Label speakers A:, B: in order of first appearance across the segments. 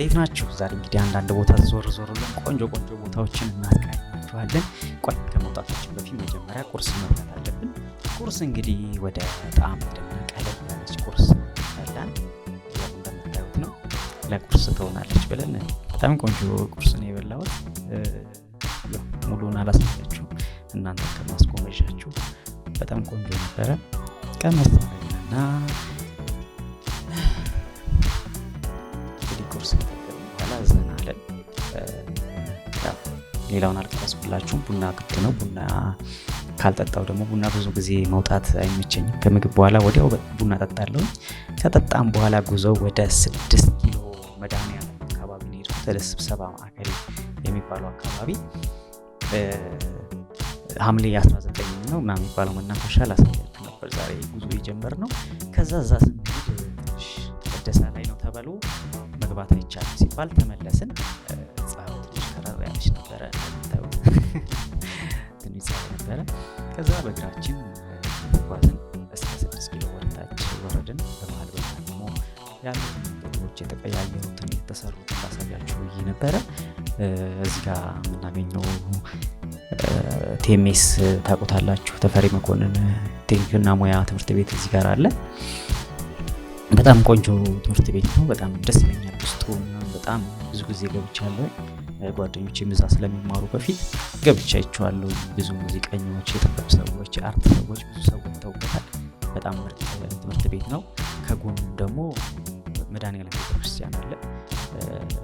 A: እንዴት ናችሁ? ዛሬ እንግዲህ አንዳንድ ቦታ ዞር ዞር ብለን ቆንጆ ቆንጆ ቦታዎችን እናስቃኛችኋለን። ቆይ ከመውጣታችን በፊት መጀመሪያ ቁርስ መብላት አለብን። ቁርስ እንግዲህ ወደ ጣም ደና ቀለል ያለች ቁርስ በላን። እንደምታዩት ነው ለቁርስ ትሆናለች ብለን በጣም ቆንጆ ቁርስ ነው የበላሁት። ሙሉን አላሳያችሁ እናንተ ከማስጎመዣችሁ በጣም ቆንጆ ነበረ። ቀመስ እና ቁርስ ከተገኘ በኋላ ዘና አለን። ሌላውን አልቀረጽኩላችሁም። ቡና ግድ ነው። ቡና ካልጠጣው ደግሞ ቡና ብዙ ጊዜ መውጣት አይመቸኝም። ከምግብ በኋላ ወዲያው ቡና ጠጣለሁ። ከጠጣም በኋላ ጉዞ ወደ ስድስት ኪሎ መድኃኒዓለም አካባቢ ነው የሄድኩት። ወደ ስብሰባ ማዕከል የሚባለው አካባቢ ሐምሌ 19 ነው ምናምን የሚባለው መናፈሻ ላሳያችሁ ነበር ዛሬ ጉዞ የጀመርነው። ከዛ እዛ ስንሄድ ደሳ ላይ ነው ተብሎ መግባት አይቻልም ሲባል ተመለስን። ፀሐዩ ትንሽ ከረር ያለች ነበረ እንደምታዩት ትንሽ ፀሐይ ነበረ። ከዛ በእግራችን ተጓዝን እስከ ስድስት ኪሎ ወደታች ወረድን። በመሀል በ ደግሞ ያሉትን ነገሮች የተቀያየሩትን የተሰሩት ላሳያችሁ ብዬ ነበረ። እዚህ ጋ የምናገኘው ቴሜስ ታውቁታላችሁ፣ ተፈሪ መኮንን ቴክኒክና ሙያ ትምህርት ቤት እዚህ ጋር አለ። በጣም ቆንጆ ትምህርት ቤት ነው። በጣም ደስ ይለኛል ውስጡ በጣም ብዙ ጊዜ ገብቻለሁ። ጓደኞች እዛ ስለሚማሩ በፊት ገብቻ ይቸዋለሁ። ብዙ ሙዚቀኞች፣ የጥበብ ሰዎች፣ የአርት ሰዎች ብዙ ሰዎች ተውበታል። በጣም ምርጥ ትምህርት ቤት ነው። ከጎኑ ደግሞ መድኃኔዓለም ቤተክርስቲያን አለ።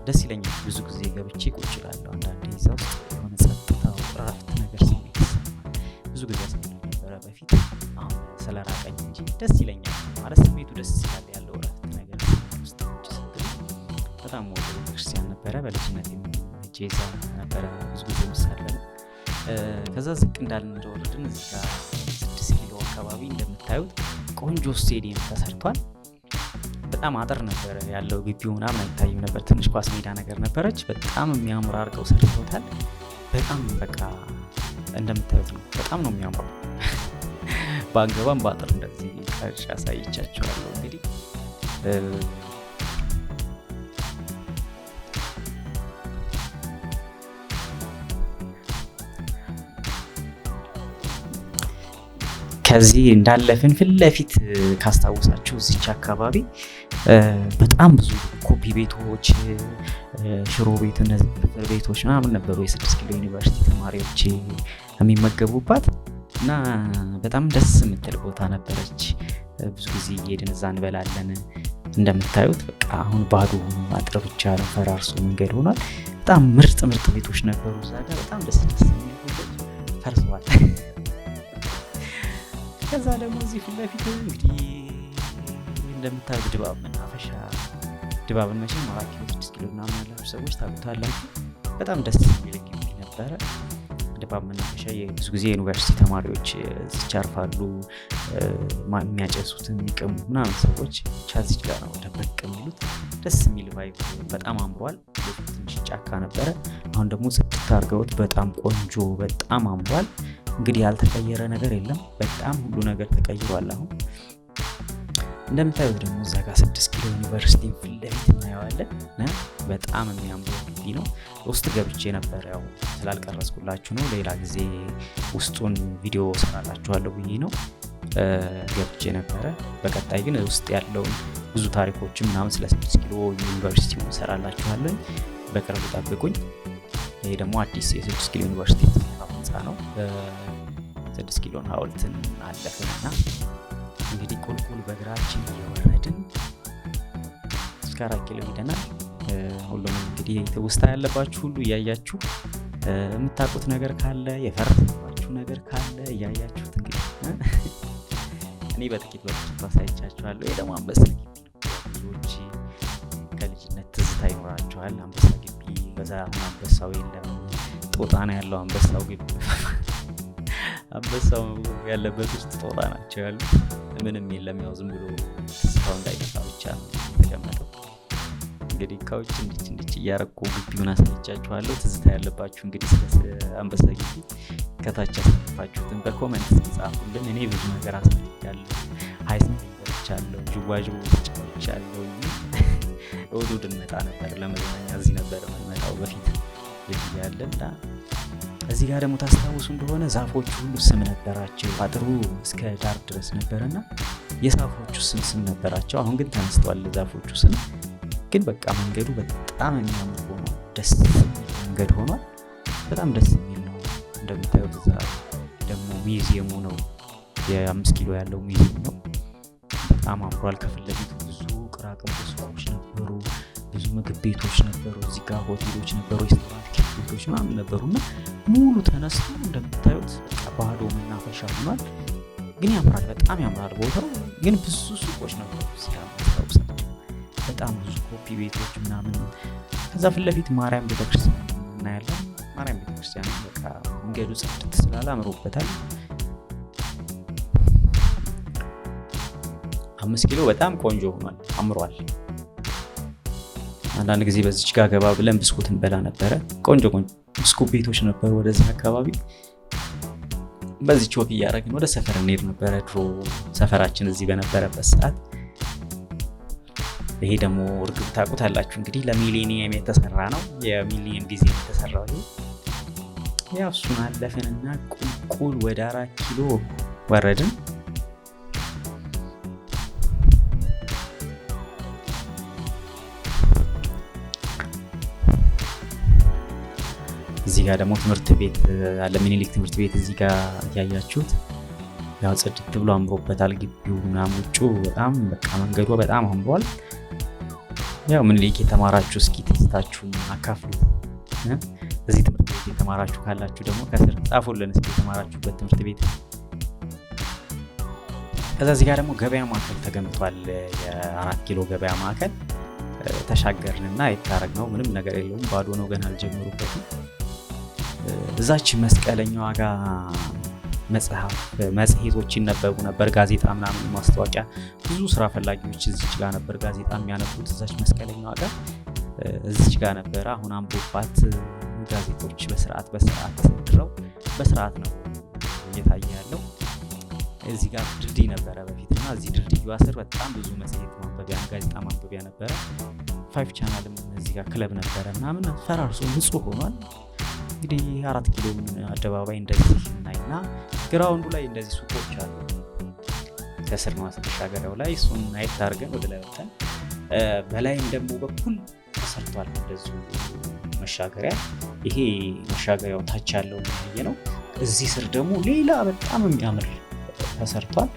A: ደስ ይለኛል። ብዙ ጊዜ ገብቼ ቁጭ እላለሁ። አንዳንዴ እዛ ውስጥ የሆነ ጸጥታው እረፍት ነገር ስሜት ብዙ ጊዜ ነበረ በፊት አሁን ስለራቀኝ እንጂ ደስ ይለኛል ማለት ስሜቱ ደስ ይላል። በጣም ወደ ቤተክርስቲያን ነበረ። በልጅነት ሄጄ እዛ ነበረ ብዙ ጊዜ ምሳለን። ከዛ ዝቅ እንዳልን እንደወረድን እዚህ ጋር ስድስት ኪሎ አካባቢ እንደምታዩት ቆንጆ ስቴዲየም ተሰርቷል። በጣም አጥር ነበረ ያለው ግቢው ምናምን አይታይም ነበር። ትንሽ ኳስ ሜዳ ነገር ነበረች። በጣም የሚያምር አድርገው ሰርተውታል። በጣም በቃ እንደምታዩት ነው። በጣም ነው የሚያምረው። በአንገባም በአጥር እንደዚህ ቀርጬ አሳይቻቸዋለሁ እንግዲህ ከዚህ እንዳለፍን ፊት ለፊት ካስታወሳችሁ እዚች አካባቢ በጣም ብዙ ኮፒ ቤቶች፣ ሽሮ ቤት፣ እነዚህ ፍርፍር ቤቶች ምናምን ነበሩ የስድስት ኪሎ ዩኒቨርሲቲ ተማሪዎች የሚመገቡባት እና በጣም ደስ የምትል ቦታ ነበረች። ብዙ ጊዜ እየሄድን እዛ እንበላለን። እንደምታዩት በቃ አሁን ባዶ ሆኖ አጥር ብቻ ነው፣ ፈራርሶ መንገድ ሆኗል። በጣም ምርጥ ምርጥ ቤቶች ነበሩ እዛ ጋር በጣም ደስ ደስ የሚል ፈርሰዋል። ከዛ ደግሞ እዚህ ፊት ለፊት እንግዲህ እንደምታዩት ድባብ መናፈሻ ድባብን መቼ ማራኪ ስድስት ኪሎ ምናምን ያላችሁ ሰዎች ታውቁታላችሁ። በጣም ደስ የሚል ግቢ ነበረ። ድባብ መናፈሻ ብዙ ጊዜ የዩኒቨርሲቲ ተማሪዎች እዚች የሚያጨሱት የሚቀሙ ምናምን ሰዎች ብቻ እዚች ጋር ነው ደበቅ የሚሉት። ደስ የሚል ቫይብ በጣም አምሯል። ትንሽ ጫካ ነበረ፣ አሁን ደግሞ ስድት አርገውት በጣም ቆንጆ በጣም አምሯል። እንግዲህ ያልተቀየረ ነገር የለም። በጣም ሁሉ ነገር ተቀይሯል። አሁን እንደምታዩት ደግሞ እዛ ጋር ስድስት ኪሎ ዩኒቨርሲቲ ፊት ለፊት እናየዋለን እና በጣም የሚያምሩ ግቢ ነው። ውስጥ ገብቼ ነበር ያው ስላልቀረጽኩላችሁ ነው። ሌላ ጊዜ ውስጡን ቪዲዮ ሰራላችኋለሁ ብዬ ነው ገብቼ ነበረ። በቀጣይ ግን ውስጥ ያለውን ብዙ ታሪኮችን ምናምን ስለ ስድስት ኪሎ ዩኒቨርሲቲ ሰራላችኋለን። በቅርብ ጠብቁኝ። ይሄ ደግሞ አዲስ የስድስት ኪሎ ዩኒቨርሲቲ ነው። ስድስት ኪሎን ሀውልትን አለፍን እና እንግዲህ ቁልቁል በእግራችን እየወረድን እስከ አራት ኪሎ ሄደናል። ሁሉም እንግዲህ ትውስታ ያለባችሁ ሁሉ እያያችሁ የምታውቁት ነገር ካለ የፈረባችሁ ነገር ካለ እያያችሁት እንግዲህ እኔ በጥቂት በጥቂት አሳይቻችኋለሁ። ይህ ደግሞ አንበሳ ግቢ ከልጅነት ትዝታ ይኖራችኋል። አንበሳ ግቢ በዛ አሁን አንበሳው የለም ጦጣ ነው ያለው አንበሳው ግቢ አንበሳው ያለበት ውስጥ ጦጣ ናቸው ያሉ። ምንም የለም ያው ዝም ብሎ ስፋው እንዳይጠፋ ብቻ ተጀመረ እንግዲህ እቃዎች እንዲች እንዲች እያረኩ ግቢውን አሳይቻችኋለሁ። ትዝታ ያለባችሁ እንግዲህ ስለ አንበሳ ግቢ ከታች ያሳልፋችሁትን በኮመንት ስጻፉልን እኔ ብዙ ነገር ሀይስን ሀይስ ይቻለሁ ጅዋጅቦ ተጫውቻለሁ። እሑድ እሑድ እንመጣ ነበር ለመዝናኛ እዚህ ነበር የምንመጣው በፊት ልጅ እያለ እና እዚህ ጋር ደግሞ ታስታውሱ እንደሆነ ዛፎቹ ሁሉ ስም ነበራቸው። አጥሩ እስከ ዳር ድረስ ነበረና የዛፎቹ ስም ስም ነበራቸው። አሁን ግን ተነስተዋል። ዛፎቹ ስም ግን በቃ መንገዱ በጣም የሚያምር ሆኖ ደስ የሚል መንገድ ሆኗል። በጣም ደስ የሚል ነው። እንደምታዩት እዛ ደግሞ ሚዚየሙ ነው የአምስት ኪሎ ያለው ሚዚየም ነው። በጣም አምሯል። ከፊት ለፊቱ ብዙ ቅራቅም ሰዎች ነበሩ። ብዙ ምግብ ቤቶች ነበሩ፣ እዚህ ጋር ሆቴሎች ነበሩ፣ ሬስቶራንት ቤቶች ምናምን ነበሩ እና ሙሉ ተነስቶ እንደምታዩት ባዶ መናፈሻ ሆኗል። ግን ያምራል፣ በጣም ያምራል ቦታው። ግን ብዙ ሱቆች ነበሩ ሲያስታውሰ በጣም ብዙ ኮፒ ቤቶች ምናምን። ከዛ ፊት ለፊት ማርያም ቤተክርስቲያን እናያለን። ማርያም ቤተክርስቲያን በቃ መንገዱ ጽድት ስላለ አምሮበታል። አምስት ኪሎ በጣም ቆንጆ ሆኗል፣ አምሯል። አንዳንድ ጊዜ በዚች ጋር ገባ ብለን ብስኩት እንበላ ነበረ። ቆንጆ ቆንጆ ብስኩት ቤቶች ነበሩ ወደዚህ አካባቢ። በዚች ወክ እያደረግን ወደ ሰፈር እንሄድ ነበረ ድሮ ሰፈራችን እዚህ በነበረበት ሰዓት። ይሄ ደግሞ እርግብ አላችሁ እንግዲህ ለሚሌኒየም የተሰራ ነው። የሚሌኒየም ጊዜ የተሰራው ይሄ ያው እሱን አለፍንና ቁልቁል ወደ አራት ኪሎ ወረድን። እዚህ ጋር ደግሞ ትምህርት ቤት አለ፣ ሚኒሊክ ትምህርት ቤት እዚህ ጋር እያያችሁት ያው ጽድት ብሎ አምሮበታል። ግቢው ምናምን ውጩ በጣም በቃ መንገዱ በጣም አምሯል። ያው ሚኒሊክ የተማራችሁ እስኪ ትዝታችሁን አካፍሉ። እዚህ ትምህርት ቤት የተማራችሁ ካላችሁ ደግሞ ከስር ጻፉልን እስኪ የተማራችሁበት ትምህርት ቤት። ከዛ እዚህ ጋር ደግሞ ገበያ ማዕከል ተገንብቷል። የአራት ኪሎ ገበያ ማዕከል ተሻገርንና ነው ምንም ነገር የለውም ባዶ ነው፣ ገና አልጀመሩበትም። እዛች መስቀለኛዋ ጋር መጽሐፍ መጽሔቶች ይነበቡ ነበር። ጋዜጣ ምናምን ማስታወቂያ፣ ብዙ ስራ ፈላጊዎች እዚች ጋር ነበር ጋዜጣ የሚያነቡት እዛች መስቀለኛዋ ጋር እዚች ጋር ነበር። አሁን አንቦባት ጋዜጦች በስርዓት በስርዓት ድረው በስርዓት ነው እየታየ ያለው። እዚህ ጋር ድልድይ ነበረ በፊት እና እዚህ ድልድዩ ስር በጣም ብዙ መጽሔት ማንበቢያ፣ ጋዜጣ ማንበቢያ ነበረ። ፋይቭ ቻናልም እዚህ ጋር ክለብ ነበረ ምናምን፣ ፈራርሶ ንጹህ ሆኗል። እንግዲህ አራት ኪሎ አደባባይ እንደዚህ እናይና ግራውንዱ ላይ እንደዚህ ሱቆች አሉ። ከስር ማስገሻገሪያው ላይ እሱን አየት አድርገን ወደ ላይ ወጥተን በላይም ደግሞ በኩል ተሰርቷል እንደዚሁ መሻገሪያ። ይሄ መሻገሪያው ታች ያለው ያየ ነው። እዚህ ስር ደግሞ ሌላ በጣም የሚያምር ተሰርቷል።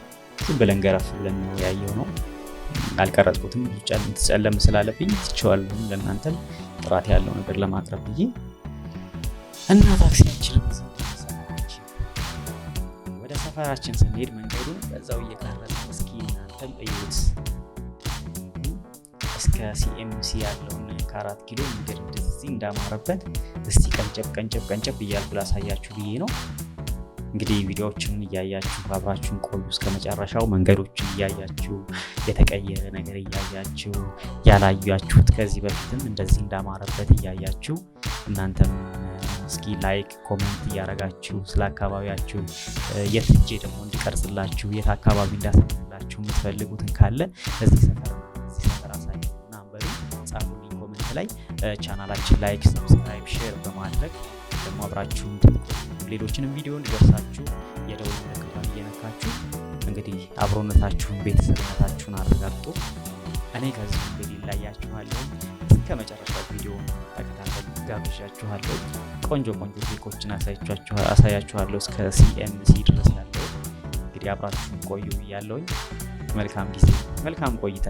A: ዝም ብለን ገረፍ ብለን ያየው ነው። አልቀረጽኩትም፣ ጨለም ስላለብኝ ትችዋል ለእናንተም ጥራት ያለው ነገር ለማቅረብ ብዬ እና ታክሲያችን ወደ ሰፈራችን ስንሄድ መንገዱን በዛው እየቀረጽ እስኪ እናንተም እዩት። እስከ ሲኤምሲ ያለውን ከአራት ኪሎ መንገድ እንደዚህ እንዳማረበት እስቲ ቀንጨብ ቀንጨብ ቀንጨብ እያልኩ ላሳያችሁ ብዬ ነው። እንግዲህ ቪዲዮዎችን እያያችሁ አብራችሁን ቆዩ እስከ መጨረሻው። መንገዶችን እያያችሁ የተቀየረ ነገር እያያችሁ ያላያችሁት ከዚህ በፊትም እንደዚህ እንዳማረበት እያያችሁ እናንተም እስኪ ላይክ ኮሜንት እያረጋችሁ ስለ አካባቢያችሁ የት ሄጄ ደግሞ እንድቀርጽላችሁ የት አካባቢ እንዳሰላችሁ የምትፈልጉትን ካለ እዚህ ሰፈር እዚህ ሰፈር አሳዩ እና አንበሉ ጻፉልኝ ኮሜንት ላይ ቻናላችን ላይክ፣ ሰብስክራይብ፣ ሼር በማድረግ ደግሞ አብራችሁ ሌሎችንም ቪዲዮ እንዲደርሳችሁ የደውል ምልክቷን እየነካችሁ እንግዲህ አብሮነታችሁን ቤተሰብነታችሁን አረጋግጡ። እኔ ከዚህ እንግዲህ ላያችኋለሁ። እስከ መጨረሻው ቪዲዮ ተከታተሉ ጋብዣችኋለሁ። ቆንጆ ቆንጆ ኬኮችን አሳያችኋለሁ እስከ ሲኤምሲ ድረስ ያለው እንግዲህ አብራችሁ ቆዩ ብያለሁኝ። መልካም ጊዜ፣ መልካም ቆይታ